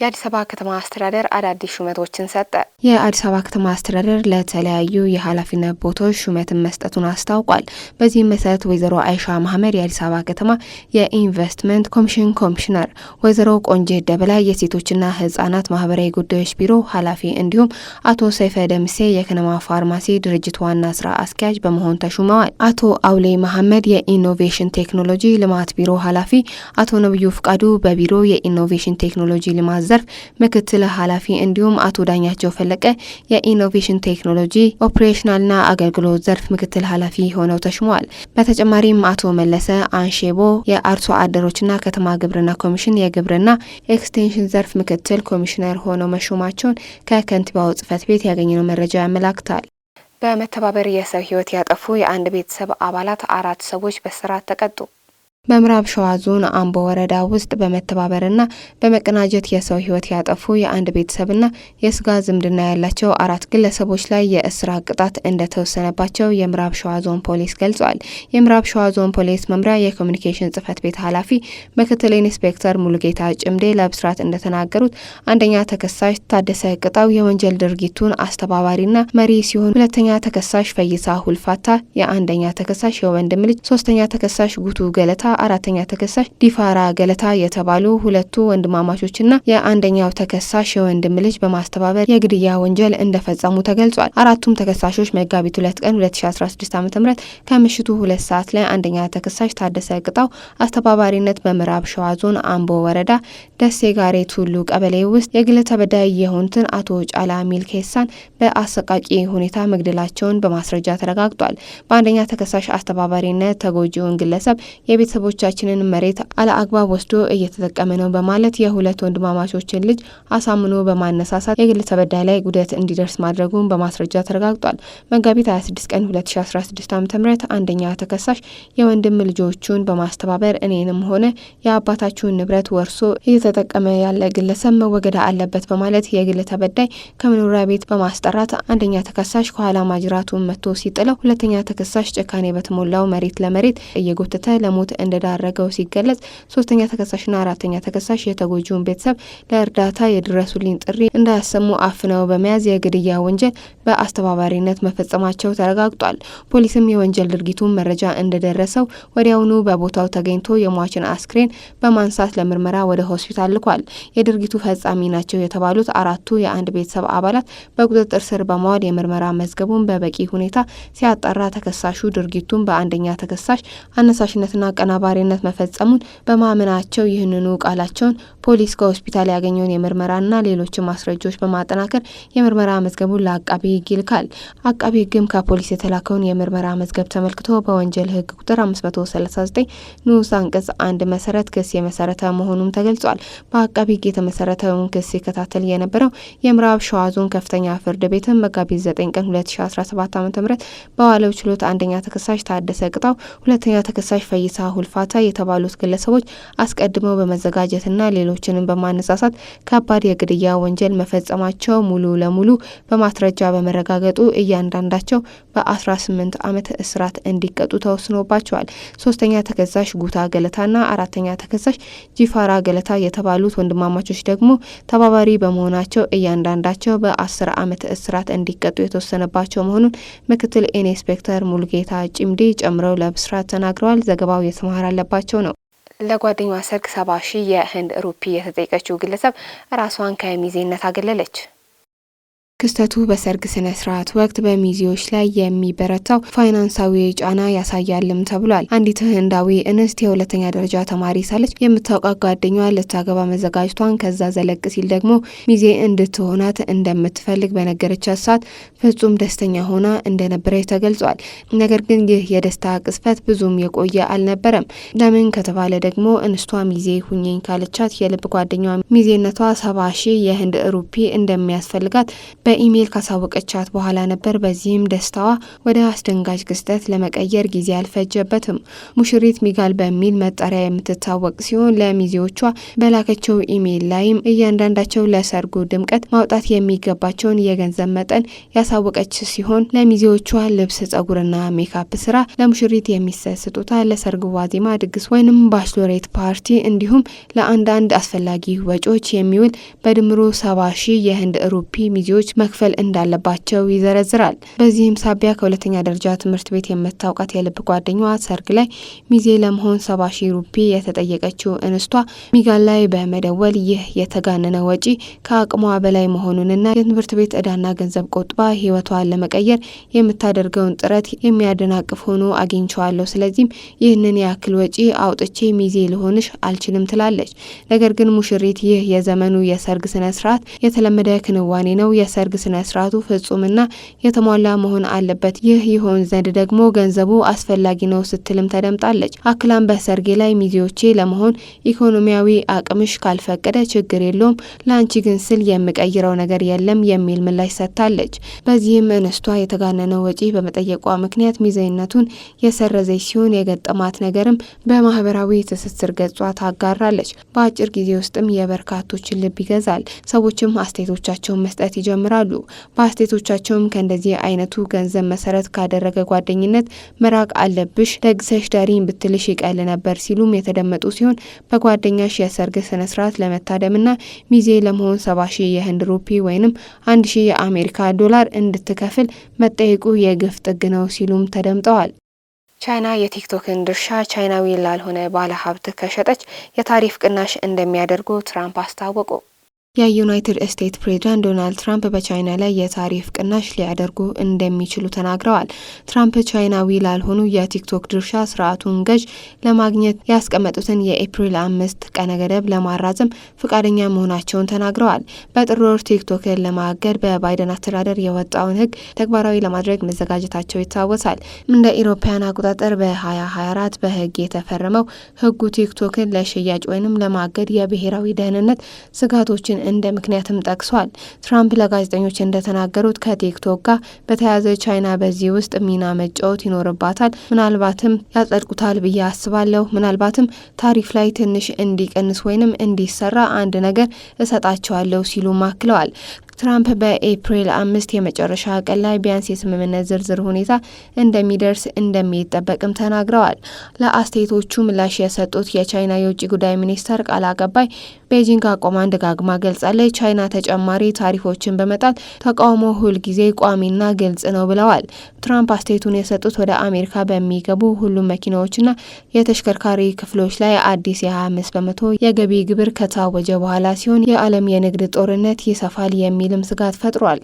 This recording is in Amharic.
የአዲስ አበባ ከተማ አስተዳደር አዳዲስ ሹመቶችን ሰጠ። የአዲስ አበባ ከተማ አስተዳደር ለተለያዩ የኃላፊነት ቦታዎች ሹመትን መስጠቱን አስታውቋል። በዚህም መሰረት ወይዘሮ አይሻ መሐመድ የአዲስ አበባ ከተማ የኢንቨስትመንት ኮሚሽን ኮሚሽነር፣ ወይዘሮ ቆንጄ ደበላ የሴቶችና ህጻናት ማህበራዊ ጉዳዮች ቢሮ ኃላፊ እንዲሁም አቶ ሰይፈ ደምሴ የከነማ ፋርማሲ ድርጅት ዋና ስራ አስኪያጅ በመሆን ተሹመዋል። አቶ አውሌ መሀመድ የኢኖቬሽን ቴክኖሎጂ ልማት ቢሮ ኃላፊ፣ አቶ ነብዩ ፍቃዱ በቢሮ የኢኖቬሽን ቴክኖሎጂ ልማት ዘርፍ ምክትል ኃላፊ እንዲሁም አቶ ዳኛቸው ፈለቀ የኢኖቬሽን ቴክኖሎጂ ኦፕሬሽናልና አገልግሎት ዘርፍ ምክትል ኃላፊ ሆነው ተሽሟል። በተጨማሪም አቶ መለሰ አንሼቦ የአርሶ አደሮችና ከተማ ግብርና ኮሚሽን የግብርና ኤክስቴንሽን ዘርፍ ምክትል ኮሚሽነር ሆነው መሾማቸውን ከከንቲባው ጽፈት ቤት ያገኘነው መረጃ ያመላክታል። በመተባበር የሰው ህይወት ያጠፉ የአንድ ቤተሰብ አባላት አራት ሰዎች በስራት ተቀጡ። በምዕራብ ሸዋ ዞን አምቦ ወረዳ ውስጥ በመተባበርና በመቀናጀት የሰው ህይወት ያጠፉ የአንድ ቤተሰብና የስጋ ዝምድና ያላቸው አራት ግለሰቦች ላይ የእስራ ቅጣት እንደተወሰነባቸው የምዕራብ ሸዋ ዞን ፖሊስ ገልጿል። የምዕራብ ሸዋ ዞን ፖሊስ መምሪያ የኮሚኒኬሽን ጽህፈት ቤት ኃላፊ ምክትል ኢንስፔክተር ሙሉጌታ ጭምዴ ለብስራት እንደተናገሩት አንደኛ ተከሳሽ ታደሰ ቅጣው የወንጀል ድርጊቱን አስተባባሪና መሪ ሲሆን፣ ሁለተኛ ተከሳሽ ፈይሳ ሁልፋታ የአንደኛ ተከሳሽ የወንድም ልጅ፣ ሶስተኛ ተከሳሽ ጉቱ ገለታ አራተኛ ተከሳሽ ዲፋራ ገለታ የተባሉ ሁለቱ ወንድማማቾችና የአንደኛው ተከሳሽ የወንድም ልጅ በማስተባበር የግድያ ወንጀል እንደፈጸሙ ተገልጿል። አራቱም ተከሳሾች መጋቢት ሁለት ቀን 2016 ዓ ም ከምሽቱ ሁለት ሰዓት ላይ አንደኛ ተከሳሽ ታደሰ ቅጣው አስተባባሪነት በምዕራብ ሸዋ ዞን አምቦ ወረዳ ደሴ ጋሬ ቱሉ ቀበሌ ውስጥ የግል ተበዳይ የሆኑትን አቶ ጫላ ሚልኬሳን በአሰቃቂ ሁኔታ መግደላቸውን በማስረጃ ተረጋግጧል። በአንደኛ ተከሳሽ አስተባባሪነት ተጎጂውን ግለሰብ የቤተሰቡ የቤተሰቦቻችንን መሬት አለአግባብ ወስዶ እየተጠቀመ ነው በማለት የሁለት ወንድማማቾችን ልጅ አሳምኖ በማነሳሳት የግል ተበዳይ ላይ ጉደት እንዲደርስ ማድረጉን በማስረጃ ተረጋግጧል። መጋቢት 26 ቀን 2016 ዓ.ም አንደኛ ተከሳሽ የወንድም ልጆቹን በማስተባበር እኔንም ሆነ የአባታችሁን ንብረት ወርሶ እየተጠቀመ ያለ ግለሰብ መወገድ አለበት በማለት የግል ተበዳይ ከመኖሪያ ቤት በማስጠራት አንደኛ ተከሳሽ ከኋላ ማጅራቱን መቶ ሲጥለው፣ ሁለተኛ ተከሳሽ ጭካኔ በተሞላው መሬት ለመሬት እየጎተተ ለሞት እንደ እንደዳረገው ሲገለጽ ሶስተኛ ተከሳሽና አራተኛ ተከሳሽ የተጎጂውን ቤተሰብ ለእርዳታ የድረሱልኝ ጥሪ እንዳያሰሙ አፍነው በመያዝ የግድያ ወንጀል በአስተባባሪነት መፈጸማቸው ተረጋግጧል። ፖሊስም የወንጀል ድርጊቱን መረጃ እንደደረሰው ወዲያውኑ በቦታው ተገኝቶ የሟችን አስክሬን በማንሳት ለምርመራ ወደ ሆስፒታል ልኳል። የድርጊቱ ፈጻሚ ናቸው የተባሉት አራቱ የአንድ ቤተሰብ አባላት በቁጥጥር ስር በማዋል የምርመራ መዝገቡን በበቂ ሁኔታ ሲያጠራ ተከሳሹ ድርጊቱን በአንደኛ ተከሳሽ አነሳሽነትና ቀናባ በአሸባሪነት መፈጸሙን በማመናቸው ይህንኑ ቃላቸውን ፖሊስ ከሆስፒታል ያገኘውን የምርመራና ሌሎች ማስረጃዎች በማጠናከር የምርመራ መዝገቡን ለአቃቢ ህግ ይልካል። አቃቢ ህግም ከፖሊስ የተላከውን የምርመራ መዝገብ ተመልክቶ በወንጀል ህግ ቁጥር 539 ንዑስ አንቀጽ አንድ መሰረት ክስ የመሰረተ መሆኑም ተገልጿል። በአቃቢ ህግ የተመሰረተውን ክስ ሲከታተል የነበረው የምዕራብ ሸዋ ዞን ከፍተኛ ፍርድ ቤትም መጋቢት 9 ቀን 2017 ዓ ም በዋለው ችሎት አንደኛ ተከሳሽ ታደሰ ቅጣው፣ ሁለተኛ ተከሳሽ ፈይሳ አብዱል የተባሉት ግለሰቦች አስቀድመው በመዘጋጀትና ሌሎችንም በማነሳሳት ከባድ የግድያ ወንጀል መፈጸማቸው ሙሉ ለሙሉ በማስረጃ በመረጋገጡ እያንዳንዳቸው በ18 ዓመት እስራት እንዲቀጡ ተወስኖባቸዋል። ሶስተኛ ተከሳሽ ጉታ ገለታና አራተኛ ተከሳሽ ጂፋራ ገለታ የተባሉት ወንድማማቾች ደግሞ ተባባሪ በመሆናቸው እያንዳንዳቸው በ10 ዓመት እስራት እንዲቀጡ የተወሰነባቸው መሆኑን ምክትል ኢንስፔክተር ሙሉጌታ ጭምዴ ጨምረው ለብስራት ተናግረዋል። ዘገባው የተማ መማር አለባቸው ነው። ለጓደኛዋ ሰርግ ሰባ ሺህ የህንድ ሩፒ የተጠየቀችው ግለሰብ ራሷን ከሚዜነት አገለለች። ክስተቱ በሰርግ ስነ ስርዓት ወቅት በሚዜዎች ላይ የሚበረታው ፋይናንሳዊ ጫና ያሳያልም ተብሏል። አንዲት ህንዳዊ እንስት የሁለተኛ ደረጃ ተማሪ ሳለች የምታውቃት ጓደኛዋ ልታገባ መዘጋጅቷን ከዛ ዘለቅ ሲል ደግሞ ሚዜ እንድትሆናት እንደምትፈልግ በነገረቻት ሰዓት ፍጹም ደስተኛ ሆና እንደነበረች ተገልጿል። ነገር ግን ይህ የደስታ ቅስፈት ብዙም የቆየ አልነበረም። ለምን ከተባለ ደግሞ እንስቷ ሚዜ ሁኜኝ ካለቻት የልብ ጓደኛዋ ሚዜነቷ ሰባ ሺህ የህንድ ሩፒ እንደሚያስፈልጋት በኢሜይል ካሳወቀቻት በኋላ ነበር። በዚህም ደስታዋ ወደ አስደንጋጭ ክስተት ለመቀየር ጊዜ አልፈጀበትም። ሙሽሪት ሚጋል በሚል መጠሪያ የምትታወቅ ሲሆን ለሚዜዎቿ በላከቸው ኢሜይል ላይም እያንዳንዳቸው ለሰርጉ ድምቀት ማውጣት የሚገባቸውን የገንዘብ መጠን ያሳወቀች ሲሆን ለሚዜዎቿ ልብስ፣ ጸጉርና ሜካፕ ስራ ለሙሽሪት የሚሰጥ ስጦታ ለሰርግ ዋዜማ ድግስ ወይንም ባችሎሬት ፓርቲ እንዲሁም ለአንዳንድ አስፈላጊ ወጪዎች የሚውል በድምሮ ሰባ ሺህ የህንድ ሩፒ ሚዜዎች መክፈል እንዳለባቸው ይዘረዝራል። በዚህም ሳቢያ ከሁለተኛ ደረጃ ትምህርት ቤት የምታውቃት የልብ ጓደኛዋ ሰርግ ላይ ሚዜ ለመሆን ሰባ ሺ ሩፒ የተጠየቀችው እንስቷ ሚጋ ላይ በመደወል ይህ የተጋነነ ወጪ ከአቅሟ በላይ መሆኑንና የትምህርት ቤት እዳና ገንዘብ ቆጥባ ህይወቷን ለመቀየር የምታደርገውን ጥረት የሚያደናቅፍ ሆኖ አግኝቸዋለሁ። ስለዚህም ይህንን ያክል ወጪ አውጥቼ ሚዜ ልሆንሽ አልችልም ትላለች። ነገር ግን ሙሽሪት ይህ የዘመኑ የሰርግ ስነ ስርዓት የተለመደ ክንዋኔ ነው። የሰርግ ስነ ስርዓቱ ፍጹምና የተሟላ መሆን አለበት። ይህ ይሆን ዘንድ ደግሞ ገንዘቡ አስፈላጊ ነው ስትልም ተደምጣለች። አክላም በሰርጌ ላይ ሚዜዎቼ ለመሆን ኢኮኖሚያዊ አቅምሽ ካልፈቀደ ችግር የለውም፣ ለአንቺ ግን ስል የምቀይረው ነገር የለም የሚል ምላሽ ሰጥታለች። በዚህም እንስቷ የተጋነነው ወጪ በመጠየቋ ምክንያት ሚዜነቱን የሰረዘች ሲሆን የገጠማት ነገርም በማህበራዊ ትስስር ገጿ ታጋራለች። በአጭር ጊዜ ውስጥም የበርካቶችን ልብ ይገዛል። ሰዎችም አስተያየቶቻቸውን መስጠት ይጀምራል። ይመክራሉ። በአስቴቶቻቸውም ከእንደዚህ አይነቱ ገንዘብ መሰረት ካደረገ ጓደኝነት መራቅ አለብሽ፣ ደግሰሽ ደሪ ብትልሽ ይቀል ነበር ሲሉም የተደመጡ ሲሆን በጓደኛሽ የሰርግ ስነስርዓት ለመታደምና ሚዜ ለመሆን ሰባ ሺህ የህንድ ሩፒ ወይንም አንድ ሺህ የአሜሪካ ዶላር እንድትከፍል መጠየቁ የግፍ ጥግ ነው ሲሉም ተደምጠዋል። ቻይና የቲክቶክን ድርሻ ቻይናዊ ላልሆነ ባለሀብት ከሸጠች የታሪፍ ቅናሽ እንደሚያደርጉ ትራምፕ አስታወቁ። የዩናይትድ ስቴትስ ፕሬዚዳንት ዶናልድ ትራምፕ በቻይና ላይ የታሪፍ ቅናሽ ሊያደርጉ እንደሚችሉ ተናግረዋል። ትራምፕ ቻይናዊ ላልሆኑ የቲክቶክ ድርሻ ስርዓቱን ገዥ ለማግኘት ያስቀመጡትን የኤፕሪል አምስት ቀነ ገደብ ለማራዘም ፈቃደኛ መሆናቸውን ተናግረዋል። በጥር ወር ቲክቶክን ለማገድ በባይደን አስተዳደር የወጣውን ህግ ተግባራዊ ለማድረግ መዘጋጀታቸው ይታወሳል። እንደ ኢሮፓያን አቆጣጠር በ2024 በህግ የተፈረመው ህጉ ቲክቶክን ለሽያጭ ወይም ለማገድ የብሔራዊ ደህንነት ስጋቶችን እንደ ምክንያትም ጠቅሷል። ትራምፕ ለጋዜጠኞች እንደተናገሩት ከቲክቶክ ጋር በተያያዘ ቻይና በዚህ ውስጥ ሚና መጫወት ይኖርባታል። ምናልባትም ያጸድቁታል ብዬ አስባለሁ። ምናልባትም ታሪፍ ላይ ትንሽ እንዲቀንስ ወይንም እንዲሰራ አንድ ነገር እሰጣቸዋለሁ ሲሉ ማክለዋል። ትራምፕ በኤፕሪል አምስት የመጨረሻ ቀን ላይ ቢያንስ የስምምነት ዝርዝር ሁኔታ እንደሚደርስ እንደሚጠበቅም ተናግረዋል። ለአስተያየቶቹ ምላሽ የሰጡት የቻይና የውጭ ጉዳይ ሚኒስተር ቃል አቀባይ ቤጂንግ አቋሟን ደጋግማ ገልጻለች። ቻይና ተጨማሪ ታሪፎችን በመጣል ተቃውሞ ሁልጊዜ ቋሚና ግልጽ ነው ብለዋል። ትራምፕ አስተያየቱን የሰጡት ወደ አሜሪካ በሚገቡ ሁሉም መኪናዎችና የተሽከርካሪ ክፍሎች ላይ አዲስ የ25 በመቶ የገቢ ግብር ከታወጀ በኋላ ሲሆን የዓለም የንግድ ጦርነት ይሰፋል የሚል የሚልም ስጋት ፈጥሯል።